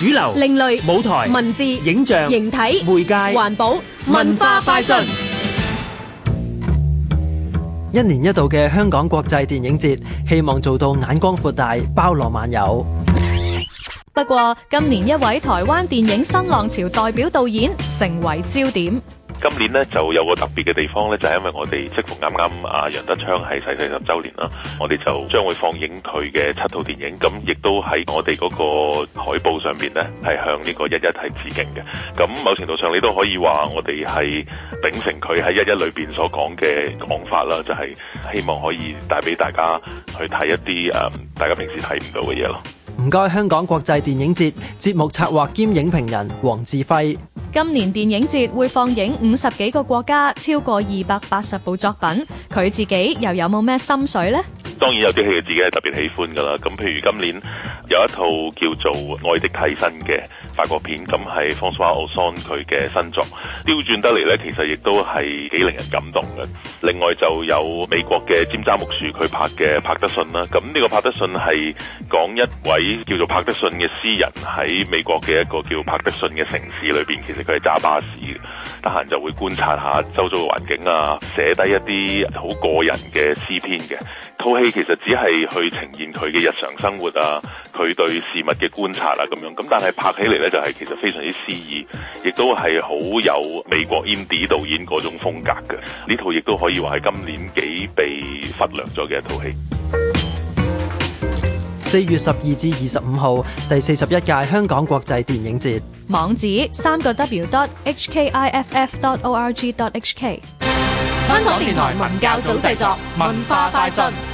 主流、另類、舞台、文字、影像、形體、媒介、環保、文化快訊。一年一度嘅香港國際電影節，希望做到眼光闊大，包羅萬有。不過，今年一位台灣電影新浪潮代表導演成為焦點。今年呢就有個特別嘅地方呢，就係、是、因為我哋即係啱啱啊。楊德昌逝世十週年啦，我哋就將會放映佢嘅七套電影，咁亦都喺我哋嗰個海報上面呢，係向呢個一一係致敬嘅。咁某程度上你都可以話我哋係秉承佢喺一一裏面所講嘅講法啦，就係、是、希望可以帶俾大家去睇一啲誒大家平時睇唔到嘅嘢咯。唔該，香港國際電影節節目策劃兼影評人黃志輝。今年電影節會放映五十幾個國家超過二百八十部作品，佢自己又有冇咩心水呢？當然有啲戲嘅自己係特別喜歡㗎啦，咁譬如今年有一套叫做《愛的替身》嘅法國片，咁係 François Ozon 佢嘅新作，調轉得嚟呢，其實亦都係幾令人感動嘅。另外就有美國嘅《尖扎木樹》，佢拍嘅《帕德信》啦，咁呢個《帕德信》係講一位叫做帕德信嘅詩人喺美國嘅一個叫帕德信嘅城市裏邊，其實佢係揸巴士嘅，得閒就會觀察一下周遭嘅環境啊，寫低一啲好個人嘅詩篇嘅套戲。其實只係去呈現佢嘅日常生活啊，佢對事物嘅觀察啊，咁樣咁，但係拍起嚟咧就係、是、其實非常之詩意，亦都係好有美國 indie 導演嗰種風格嘅。呢套亦都可以話係今年幾被忽略咗嘅一套戲。四月十二至二十五號，第四十一屆香港國際電影節網址：三個 W dot HKIFF dot org dot HK。香港電台文教組製作，文化快訊。